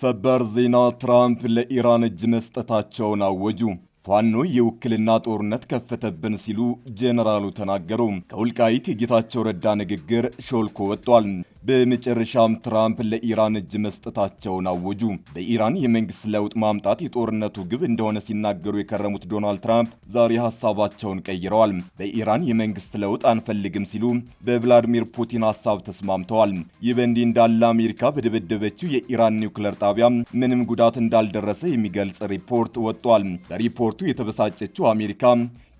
ሰበር ዜና። ትራምፕ ለኢራን እጅ መስጠታቸውን አወጁ። ፋኖ የውክልና ጦርነት ከፈተብን ሲሉ ጄኔራሉ ተናገሩ። ከውልቃይት የጌታቸው ረዳ ንግግር ሾልኮ ወጥቷል። በመጨረሻም ትራምፕ ለኢራን እጅ መስጠታቸውን አወጁ። በኢራን የመንግስት ለውጥ ማምጣት የጦርነቱ ግብ እንደሆነ ሲናገሩ የከረሙት ዶናልድ ትራምፕ ዛሬ ሀሳባቸውን ቀይረዋል። በኢራን የመንግስት ለውጥ አንፈልግም ሲሉ በቭላዲሚር ፑቲን ሀሳብ ተስማምተዋል። ይህ በእንዲህ እንዳለ አሜሪካ በደበደበችው የኢራን ኒውክለር ጣቢያ ምንም ጉዳት እንዳልደረሰ የሚገልጽ ሪፖርት ወጥቷል። ሪፖርቱ የተበሳጨችው አሜሪካ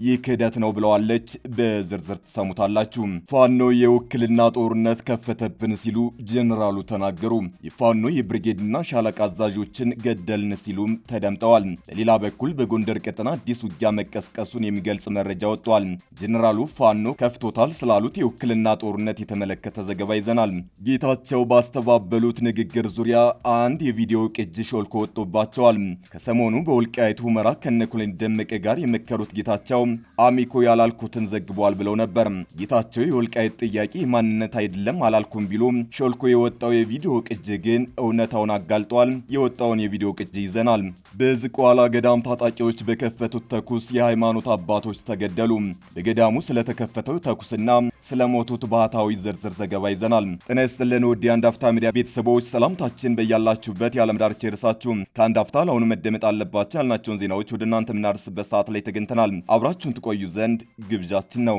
ይህ ክህደት ነው ብለዋለች። በዝርዝር ትሰሙታላችሁ። ፋኖ የውክልና ጦርነት ከፈተብን ሲሉ ጄኔራሉ ተናገሩ። የፋኖ የብሪጌድና ሻለቃ አዛዦችን ገደልን ሲሉም ተደምጠዋል። በሌላ በኩል በጎንደር ቀጠና አዲስ ውጊያ መቀስቀሱን የሚገልጽ መረጃ ወጥቷል። ጄኔራሉ ፋኖ ከፍቶታል ስላሉት የውክልና ጦርነት የተመለከተ ዘገባ ይዘናል። ጌታቸው ባስተባበሉት ንግግር ዙሪያ አንድ የቪዲዮ ቅጅ ሾልኮ ወጥቶባቸዋል። ከሰሞኑ በወልቃይት ሁመራ ከነ ደመቀ ጋር የመከሩት ጌታቸው አሚኮ ያላልኩትን ዘግቧል ብለው ነበር። ጌታቸው የወልቃይት ጥያቄ ማንነት አይደለም አላልኩም ቢሉ ሾልኮ የወጣው የቪዲዮ ቅጅ ግን እውነታውን አጋልጧል። የወጣውን የቪዲዮ ቅጅ ይዘናል። በዝቋላ ገዳም ታጣቂዎች በከፈቱት ተኩስ የሃይማኖት አባቶች ተገደሉ። በገዳሙ ስለተከፈተው ተኩስና ስለሞቱት ባህታዊ ዝርዝር ዘገባ ይዘናል። ጤና ይስጥልን ውድ የአንድ አፍታ ሚዲያ ቤተሰቦች ሰላምታችን በያላችሁበት የዓለም ዳርቻ ይድረሳችሁ። ከአንድ አፍታ ለአሁኑ መደመጥ አለባቸው ያልናቸውን ዜናዎች ወደ እናንተ የምናደርስበት ሰዓት ላይ ተገኝተናል። አብራችሁን ትቆዩ ዘንድ ግብዣችን ነው።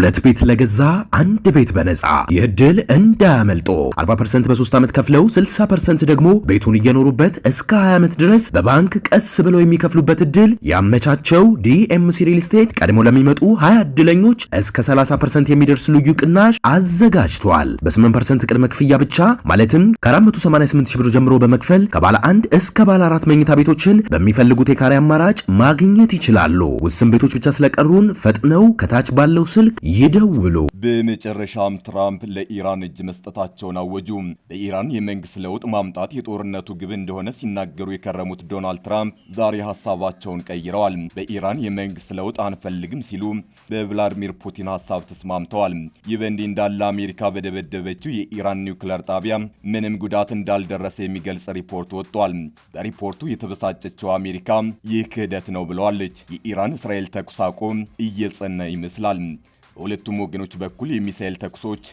ሁለት ቤት ለገዛ አንድ ቤት በነፃ ይህ ዕድል እንዳያመልጦ 40% በ3 ዓመት ከፍለው 60% ደግሞ ቤቱን እየኖሩበት እስከ 20 ዓመት ድረስ በባንክ ቀስ ብለው የሚከፍሉበት እድል ያመቻቸው ዲኤምሲ ሪል ስቴት ቀድሞ ለሚመጡ 20 እድለኞች እስከ 30% የሚደርስ ልዩ ቅናሽ አዘጋጅቷል። በ8% ቅድመ ክፍያ ብቻ ማለትም ከ488 ሺህ ብር ጀምሮ በመክፈል ከባለ አንድ እስከ ባለ አራት መኝታ ቤቶችን በሚፈልጉት የካሬ አማራጭ ማግኘት ይችላሉ። ውስን ቤቶች ብቻ ስለቀሩን ፈጥነው ከታች ባለው ስልክ ይደውሉ። በመጨረሻም ትራምፕ ለኢራን እጅ መስጠታቸውን አወጁ። በኢራን የመንግስት ለውጥ ማምጣት የጦርነቱ ግብ እንደሆነ ሲናገሩ የከረሙት ዶናልድ ትራምፕ ዛሬ ሀሳባቸውን ቀይረዋል። በኢራን የመንግስት ለውጥ አንፈልግም ሲሉ በቭላዲሚር ፑቲን ሀሳብ ተስማምተዋል። ይህ በእንዲህ እንዳለ አሜሪካ በደበደበችው የኢራን ኒውክለር ጣቢያ ምንም ጉዳት እንዳልደረሰ የሚገልጽ ሪፖርት ወጥቷል። በሪፖርቱ የተበሳጨችው አሜሪካ ይህ ክህደት ነው ብለዋለች። የኢራን እስራኤል ተኩስ አቁም እየጸና ይመስላል። በሁለቱም ወገኖች በኩል የሚሳኤል ተኩሶች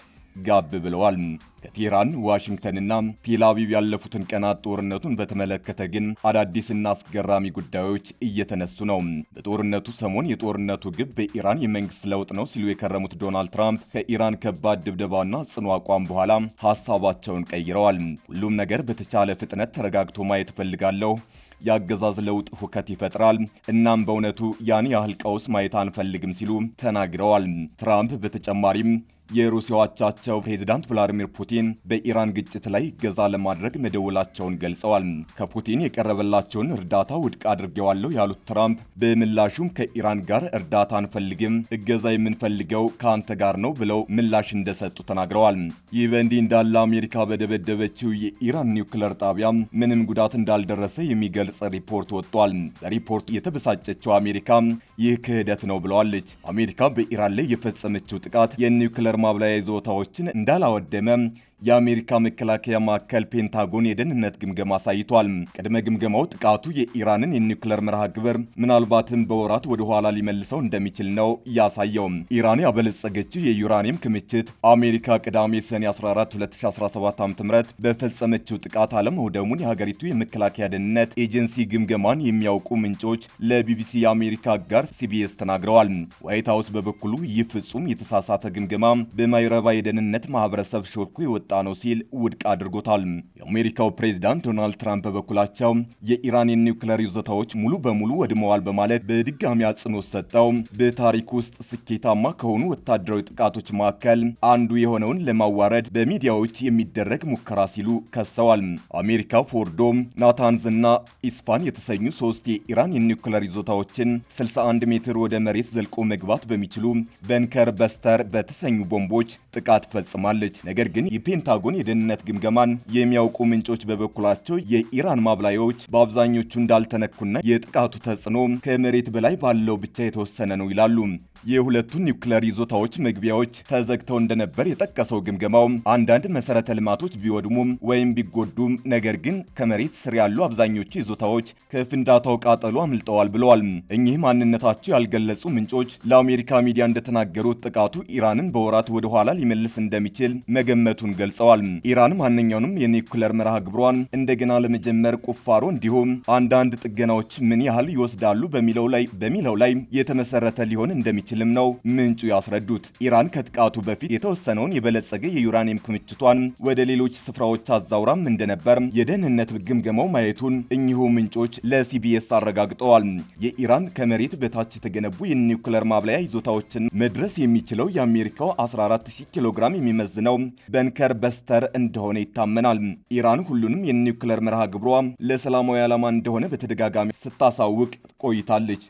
ጋብ ብለዋል። ከቴህራን ዋሽንግተንና ቴላቪቭ ያለፉትን ቀናት ጦርነቱን በተመለከተ ግን አዳዲስና አስገራሚ ጉዳዮች እየተነሱ ነው። በጦርነቱ ሰሞን የጦርነቱ ግብ በኢራን የመንግስት ለውጥ ነው ሲሉ የከረሙት ዶናልድ ትራምፕ ከኢራን ከባድ ድብደባና ጽኑ አቋም በኋላ ሀሳባቸውን ቀይረዋል። ሁሉም ነገር በተቻለ ፍጥነት ተረጋግቶ ማየት እፈልጋለሁ የአገዛዝ ለውጥ ሁከት ይፈጥራል። እናም በእውነቱ ያን ያህል ቀውስ ማየት አንፈልግም ሲሉ ተናግረዋል። ትራምፕ በተጨማሪም የሩሲያው አቻቸው ፕሬዚዳንት ቭላዲሚር ፑቲን በኢራን ግጭት ላይ ገዛ ለማድረግ መደወላቸውን ገልጸዋል። ከፑቲን የቀረበላቸውን እርዳታ ውድቅ አድርገዋለሁ ያሉት ትራምፕ በምላሹም ከኢራን ጋር እርዳታ አንፈልግም፣ እገዛ የምንፈልገው ከአንተ ጋር ነው ብለው ምላሽ እንደሰጡ ተናግረዋል። ይህ በእንዲህ እንዳለ አሜሪካ በደበደበችው የኢራን ኒውክለር ጣቢያ ምንም ጉዳት እንዳልደረሰ የሚገልጽ ሪፖርት ወጥቷል። ለሪፖርቱ የተበሳጨችው አሜሪካ ይህ ክህደት ነው ብለዋለች። አሜሪካ በኢራን ላይ የፈጸመችው ጥቃት የኒውክለር ማብላያ ይዞታዎችን እንዳላወደመ የአሜሪካ መከላከያ ማዕከል ፔንታጎን የደህንነት ግምገማ አሳይቷል። ቅድመ ግምገማው ጥቃቱ የኢራንን የኒውክለር መርሃ ግብር ምናልባትም በወራት ወደ ኋላ ሊመልሰው እንደሚችል ነው ያሳየው። ኢራን ያበለጸገችው የዩራኒየም ክምችት አሜሪካ ቅዳሜ ሰኔ 14 2017 ዓ.ም በፈጸመችው ጥቃት አለመውደሙን የሀገሪቱ የመከላከያ ደህንነት ኤጀንሲ ግምገማን የሚያውቁ ምንጮች ለቢቢሲ የአሜሪካ ጋር ሲቢኤስ ተናግረዋል። ዋይት ሀውስ በበኩሉ ይህ ፍጹም የተሳሳተ ግምገማ በማይረባ የደህንነት ማህበረሰብ ሾልኮ የወጣ የወጣ ነው ሲል ውድቅ አድርጎታል። የአሜሪካው ፕሬዚዳንት ዶናልድ ትራምፕ በበኩላቸው የኢራን የኒውክሌር ይዞታዎች ሙሉ በሙሉ ወድመዋል በማለት በድጋሚ አጽንኦት ሰጠው በታሪክ ውስጥ ስኬታማ ከሆኑ ወታደራዊ ጥቃቶች መካከል አንዱ የሆነውን ለማዋረድ በሚዲያዎች የሚደረግ ሙከራ ሲሉ ከሰዋል። አሜሪካ ፎርዶ፣ ናታንዝ እና ኢስፋን የተሰኙ ሶስት የኢራን የኒውክሌር ይዞታዎችን 61 ሜትር ወደ መሬት ዘልቆ መግባት በሚችሉ በንከር በስተር በተሰኙ ቦምቦች ጥቃት ፈጽማለች። ነገር ግን የፔንታጎን የደህንነት ግምገማን የሚያውቁ ምንጮች በበኩላቸው የኢራን ማብላያዎች በአብዛኞቹ እንዳልተነኩና የጥቃቱ ተጽዕኖ ከመሬት በላይ ባለው ብቻ የተወሰነ ነው ይላሉ። የሁለቱ ኒውክሌር ይዞታዎች መግቢያዎች ተዘግተው እንደነበር የጠቀሰው ግምገማው አንዳንድ መሰረተ ልማቶች ቢወድሙም ወይም ቢጎዱም፣ ነገር ግን ከመሬት ስር ያሉ አብዛኞቹ ይዞታዎች ከፍንዳታው ቃጠሎ አምልጠዋል ብለዋል። እኚህ ማንነታቸው ያልገለጹ ምንጮች ለአሜሪካ ሚዲያ እንደተናገሩት ጥቃቱ ኢራንን በወራት ወደ ኋላ ሊመልስ እንደሚችል መገመቱን ገልጸዋል። ኢራን ማንኛውንም የኒውክሌር መርሃ ግብሯን እንደገና ለመጀመር ቁፋሮ፣ እንዲሁም አንዳንድ ጥገናዎች ምን ያህል ይወስዳሉ በሚለው ላይ በሚለው ላይ የተመሰረተ ሊሆን እንደሚችል እንደሚችልም ነው ምንጩ ያስረዱት። ኢራን ከጥቃቱ በፊት የተወሰነውን የበለጸገ የዩራኒየም ክምችቷን ወደ ሌሎች ስፍራዎች አዛውራም እንደነበር የደህንነት ግምገማው ማየቱን እኚሁ ምንጮች ለሲቢኤስ አረጋግጠዋል። የኢራን ከመሬት በታች የተገነቡ የኒውክለር ማብለያ ይዞታዎችን መድረስ የሚችለው የአሜሪካው 140 ኪሎ ግራም የሚመዝነው በንከር በስተር እንደሆነ ይታመናል። ኢራን ሁሉንም የኒውክለር መርሃ ግብሯ ለሰላማዊ ዓላማ እንደሆነ በተደጋጋሚ ስታሳውቅ ቆይታለች።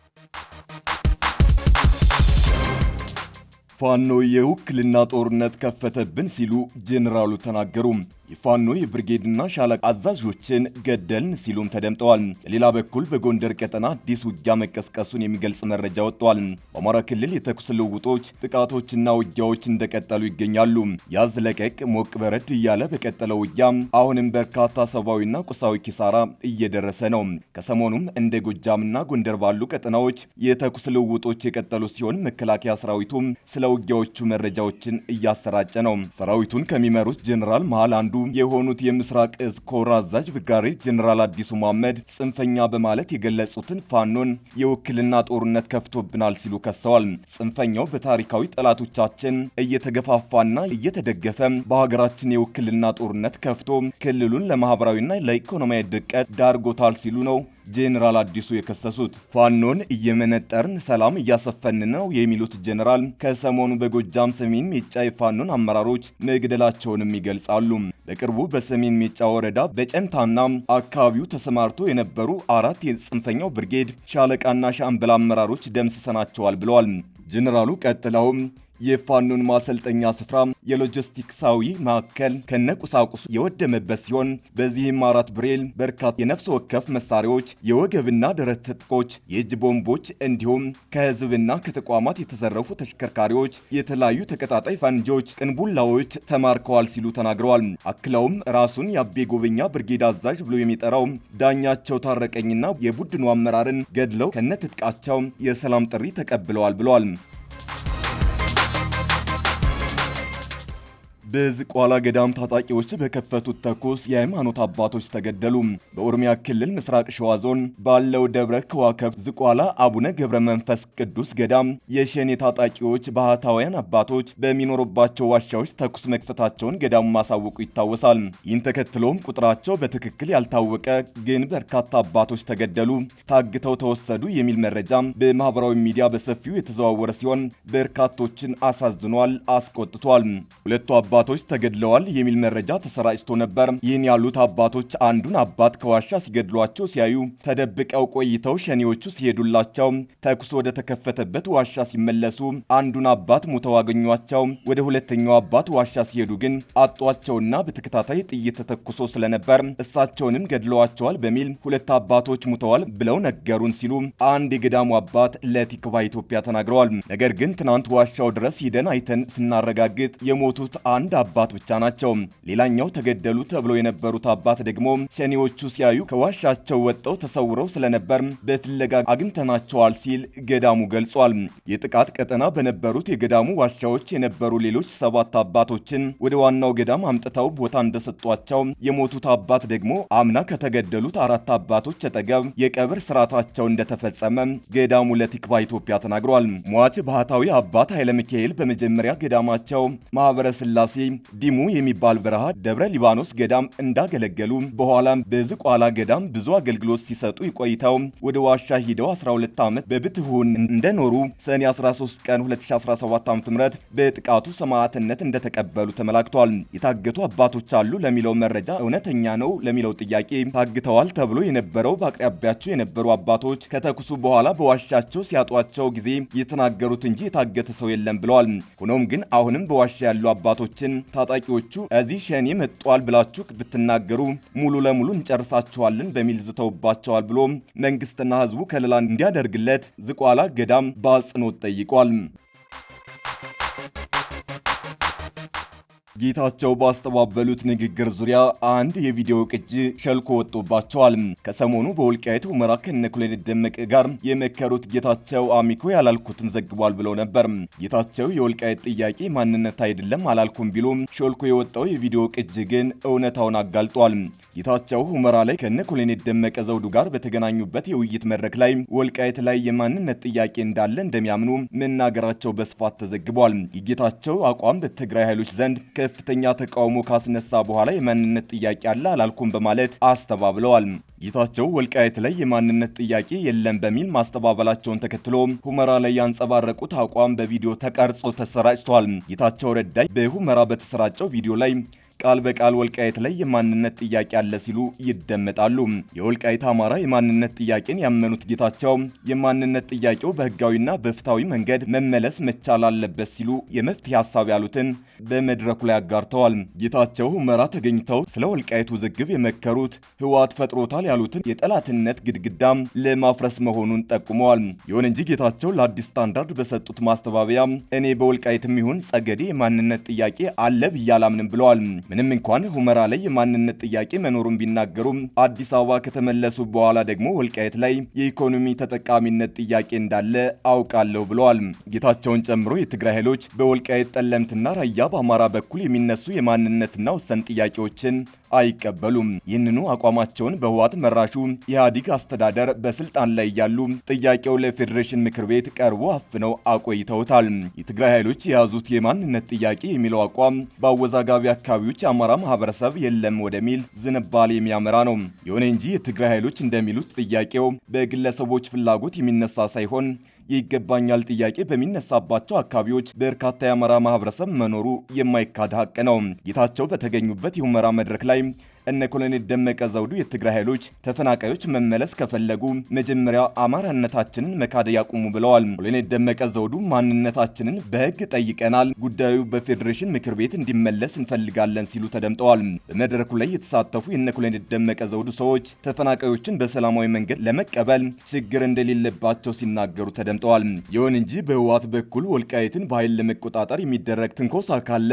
ፋኖ የውክልና ጦርነት ከፈተብን ሲሉ ጄኔራሉ ተናገሩ። የፋኖ የብርጌድና ሻለቃ አዛዦችን ገደልን ሲሉም ተደምጠዋል። በሌላ በኩል በጎንደር ቀጠና አዲስ ውጊያ መቀስቀሱን የሚገልጽ መረጃ ወጥቷል። በአማራ ክልል የተኩስ ልውጦች፣ ጥቃቶችና ውጊያዎች እንደቀጠሉ ይገኛሉ። ያዝ ለቀቅ ሞቅ በረድ እያለ በቀጠለው ውጊያ አሁንም በርካታ ሰብአዊና ቁሳዊ ኪሳራ እየደረሰ ነው። ከሰሞኑም እንደ ጎጃምና ጎንደር ባሉ ቀጠናዎች የተኩስ ልውጦች የቀጠሉ ሲሆን መከላከያ ሰራዊቱም ስለ ውጊያዎቹ መረጃዎችን እያሰራጨ ነው። ሰራዊቱን ከሚመሩት ጀኔራል መሃል አንዱ የሆኑት የምስራቅ እዝ ኮር አዛዥ ብርጋዴር ጀኔራል አዲሱ መሐመድ ጽንፈኛ በማለት የገለጹትን ፋኖን የውክልና ጦርነት ከፍቶብናል ሲሉ ከሰዋል። ጽንፈኛው በታሪካዊ ጠላቶቻችን እየተገፋፋና እየተደገፈ በሀገራችን የውክልና ጦርነት ከፍቶ ክልሉን ለማህበራዊና ለኢኮኖሚያዊ ድቀት ዳርጎታል ሲሉ ነው ጄኔራል አዲሱ የከሰሱት። ፋኖን እየመነጠርን ሰላም እያሰፈን ነው የሚሉት ጄኔራል ከሰሞኑ በጎጃም ሰሜን ሜጫ የፋኖን አመራሮች መግደላቸውንም ይገልጻሉ። በቅርቡ በሰሜን ሜጫ ወረዳ በጨንታና አካባቢው ተሰማርቶ የነበሩ አራት የጽንፈኛው ብርጌድ ሻለቃና ሻምበል አመራሮች ደምስሰናቸዋል ብለዋል ጄኔራሉ ቀጥለውም የፋኖን ማሰልጠኛ ስፍራ የሎጂስቲክሳዊ ማዕከል ከነቁሳቁሱ የወደመበት ሲሆን በዚህም አራት ብሬል፣ በርካታ የነፍስ ወከፍ መሳሪያዎች፣ የወገብና ደረት ትጥቆች፣ የእጅ ቦምቦች እንዲሁም ከህዝብና ከተቋማት የተዘረፉ ተሽከርካሪዎች፣ የተለያዩ ተቀጣጣይ ፈንጂዎች፣ ቅንቡላዎች ተማርከዋል ሲሉ ተናግረዋል። አክለውም ራሱን የአቤ ጎበኛ ብርጌድ አዛዥ ብሎ የሚጠራው ዳኛቸው ታረቀኝና የቡድኑ አመራርን ገድለው ከነትጥቃቸው የሰላም ጥሪ ተቀብለዋል ብለዋል። በዝቋላ ገዳም ታጣቂዎች በከፈቱት ተኩስ የሃይማኖት አባቶች ተገደሉ። በኦሮሚያ ክልል ምስራቅ ሸዋ ዞን ባለው ደብረ ከዋከብት ዝቋላ አቡነ ገብረ መንፈስ ቅዱስ ገዳም የሸኔ ታጣቂዎች ባህታውያን አባቶች በሚኖሩባቸው ዋሻዎች ተኩስ መክፈታቸውን ገዳሙ ማሳወቁ ይታወሳል። ይህን ተከትሎም ቁጥራቸው በትክክል ያልታወቀ ግን በርካታ አባቶች ተገደሉ፣ ታግተው ተወሰዱ የሚል መረጃ በማህበራዊ ሚዲያ በሰፊው የተዘዋወረ ሲሆን በርካቶችን አሳዝኗል፣ አስቆጥቷል። ሁለቱ አባ አባቶች ተገድለዋል የሚል መረጃ ተሰራጭቶ ነበር። ይህን ያሉት አባቶች አንዱን አባት ከዋሻ ሲገድሏቸው ሲያዩ ተደብቀው ቆይተው ሸኔዎቹ ሲሄዱላቸው ተኩስ ወደ ተከፈተበት ዋሻ ሲመለሱ አንዱን አባት ሙተው አገኟቸው። ወደ ሁለተኛው አባት ዋሻ ሲሄዱ ግን አጧቸውና በተከታታይ ጥይት ተተኩሶ ስለነበር እሳቸውንም ገድለዋቸዋል በሚል ሁለት አባቶች ሙተዋል ብለው ነገሩን ሲሉ አንድ የገዳሙ አባት ለቲክቫ ኢትዮጵያ ተናግረዋል። ነገር ግን ትናንት ዋሻው ድረስ ሂደን አይተን ስናረጋግጥ የሞቱት አንድ አንድ አባት ብቻ ናቸው። ሌላኛው ተገደሉ ተብለው የነበሩት አባት ደግሞ ሸኔዎቹ ሲያዩ ከዋሻቸው ወጥተው ተሰውረው ስለነበር በፍለጋ አግኝተናቸዋል ሲል ገዳሙ ገልጿል። የጥቃት ቀጠና በነበሩት የገዳሙ ዋሻዎች የነበሩ ሌሎች ሰባት አባቶችን ወደ ዋናው ገዳም አምጥተው ቦታ እንደሰጧቸው የሞቱት አባት ደግሞ አምና ከተገደሉት አራት አባቶች አጠገብ የቀብር ስርዓታቸው እንደተፈጸመ ገዳሙ ለቲክባ ኢትዮጵያ ተናግሯል። ሟች ባህታዊ አባት ኃይለ ሚካኤል በመጀመሪያ ገዳማቸው ማህበረ ስላሴ ዲሙ የሚባል በረሃ ደብረ ሊባኖስ ገዳም እንዳገለገሉ በኋላም በዝቋላ ገዳም ብዙ አገልግሎት ሲሰጡ ቆይተው ወደ ዋሻ ሂደው 12 ዓመት በብትሁን እንደኖሩ ሰኔ 13 ቀን 2017 ዓ.ም በጥቃቱ ሰማዕትነት እንደተቀበሉ ተመላክቷል። የታገቱ አባቶች አሉ ለሚለው መረጃ እውነተኛ ነው ለሚለው ጥያቄ ታግተዋል ተብሎ የነበረው በአቅራቢያቸው የነበሩ አባቶች ከተኩሱ በኋላ በዋሻቸው ሲያጧቸው ጊዜ የተናገሩት እንጂ የታገተ ሰው የለም ብለዋል። ሆኖም ግን አሁንም በዋሻ ያሉ አባቶች ። ኃይሎችን ታጣቂዎቹ እዚህ ሸኔ መጥቷል ብላችሁ ብትናገሩ ሙሉ ለሙሉ እንጨርሳቸዋለን በሚል ዝተውባቸዋል ብሎ መንግስትና ህዝቡ ከለላ እንዲያደርግለት ዝቋላ ገዳም በአጽንኦት ጠይቋል። ጌታቸው ባስተባበሉት ንግግር ዙሪያ አንድ የቪዲዮ ቅጂ ሸልኮ ወጥቶባቸዋል። ከሰሞኑ በወልቃይት ሁመራ ከነኮሎኔል ደመቀ ጋር የመከሩት ጌታቸው አሚኮ ያላልኩትን ዘግቧል ብለው ነበር። ጌታቸው የወልቃይት ጥያቄ ማንነት አይደለም አላልኩም ቢሉ ሾልኮ የወጣው የቪዲዮ ቅጂ ግን እውነታውን አጋልጧል። ጌታቸው ሁመራ ላይ ከነኮሎኔል ደመቀ ዘውዱ ጋር በተገናኙበት የውይይት መድረክ ላይ ወልቃይት ላይ የማንነት ጥያቄ እንዳለ እንደሚያምኑ መናገራቸው በስፋት ተዘግቧል። የጌታቸው አቋም በትግራይ ኃይሎች ዘንድ ከፍተኛ ተቃውሞ ካስነሳ በኋላ የማንነት ጥያቄ አለ አላልኩም በማለት አስተባብለዋል። ጌታቸው ወልቃየት ላይ የማንነት ጥያቄ የለም በሚል ማስተባበላቸውን ተከትሎ ሁመራ ላይ ያንጸባረቁት አቋም በቪዲዮ ተቀርጾ ተሰራጭቷል። ጌታቸው ረዳይ በሁመራ በተሰራጨው ቪዲዮ ላይ ቃል በቃል ወልቃይት ላይ የማንነት ጥያቄ አለ ሲሉ ይደመጣሉ። የወልቃይት አማራ የማንነት ጥያቄን ያመኑት ጌታቸው የማንነት ጥያቄው በህጋዊና በፍትሐዊ መንገድ መመለስ መቻል አለበት ሲሉ የመፍትሄ ሀሳብ ያሉትን በመድረኩ ላይ አጋርተዋል። ጌታቸው ሁመራ ተገኝተው ስለ ወልቃይት ውዝግብ የመከሩት ህወሓት ፈጥሮታል ያሉትን የጠላትነት ግድግዳ ለማፍረስ መሆኑን ጠቁመዋል። ይሁን እንጂ ጌታቸው ለአዲስ ስታንዳርድ በሰጡት ማስተባበያ እኔ በወልቃይትም ይሁን ጸገዴ የማንነት ጥያቄ አለ ብዬ አላምንም ብለዋል። ምንም እንኳን ሁመራ ላይ የማንነት ጥያቄ መኖሩን ቢናገሩም አዲስ አበባ ከተመለሱ በኋላ ደግሞ ወልቃየት ላይ የኢኮኖሚ ተጠቃሚነት ጥያቄ እንዳለ አውቃለሁ ብለዋል። ጌታቸውን ጨምሮ የትግራይ ኃይሎች በወልቃየት ጠለምትና ራያ በአማራ በኩል የሚነሱ የማንነትና ወሰን ጥያቄዎችን አይቀበሉም። ይህንኑ አቋማቸውን በህዋት መራሹ ኢህአዲግ አስተዳደር በስልጣን ላይ ያሉ ጥያቄው ለፌዴሬሽን ምክር ቤት ቀርቦ አፍነው አቆይተውታል። የትግራይ ኃይሎች የያዙት የማንነት ጥያቄ የሚለው አቋም በአወዛጋቢ አካባቢዎች የአማራ ማህበረሰብ የለም ወደሚል ዝንባል የሚያመራ ነው። ይሁን እንጂ የትግራይ ኃይሎች እንደሚሉት ጥያቄው በግለሰቦች ፍላጎት የሚነሳ ሳይሆን የይገባኛል ጥያቄ በሚነሳባቸው አካባቢዎች በርካታ የአማራ ማህበረሰብ መኖሩ የማይካድ ሀቅ ነው። ጌታቸው በተገኙበት የሁመራ መድረክ ላይ እነ ኮሎኔል ደመቀ ዘውዱ የትግራይ ኃይሎች ተፈናቃዮች መመለስ ከፈለጉ መጀመሪያ አማራነታችንን መካድ ያቁሙ ብለዋል። ኮሎኔል ደመቀ ዘውዱ ማንነታችንን በሕግ ጠይቀናል፣ ጉዳዩ በፌዴሬሽን ምክር ቤት እንዲመለስ እንፈልጋለን ሲሉ ተደምጠዋል። በመድረኩ ላይ የተሳተፉ የነ ኮሎኔል ደመቀ ዘውዱ ሰዎች ተፈናቃዮችን በሰላማዊ መንገድ ለመቀበል ችግር እንደሌለባቸው ሲናገሩ ተደምጠዋል። ይሁን እንጂ በህወሓት በኩል ወልቃይትን በኃይል ለመቆጣጠር የሚደረግ ትንኮሳ ካለ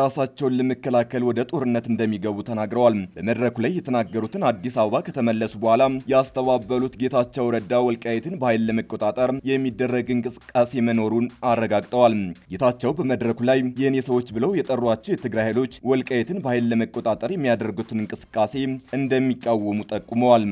ራሳቸውን ለመከላከል ወደ ጦርነት እንደሚገቡ ተናግረዋል። በመድረኩ ላይ የተናገሩትን አዲስ አበባ ከተመለሱ በኋላ ያስተባበሉት ጌታቸው ረዳ ወልቃይትን በኃይል ለመቆጣጠር የሚደረግ እንቅስቃሴ መኖሩን አረጋግጠዋል። ጌታቸው በመድረኩ ላይ የእኔ ሰዎች ብለው የጠሯቸው የትግራይ ኃይሎች ወልቃይትን በኃይል ለመቆጣጠር የሚያደርጉትን እንቅስቃሴ እንደሚቃወሙ ጠቁመዋል።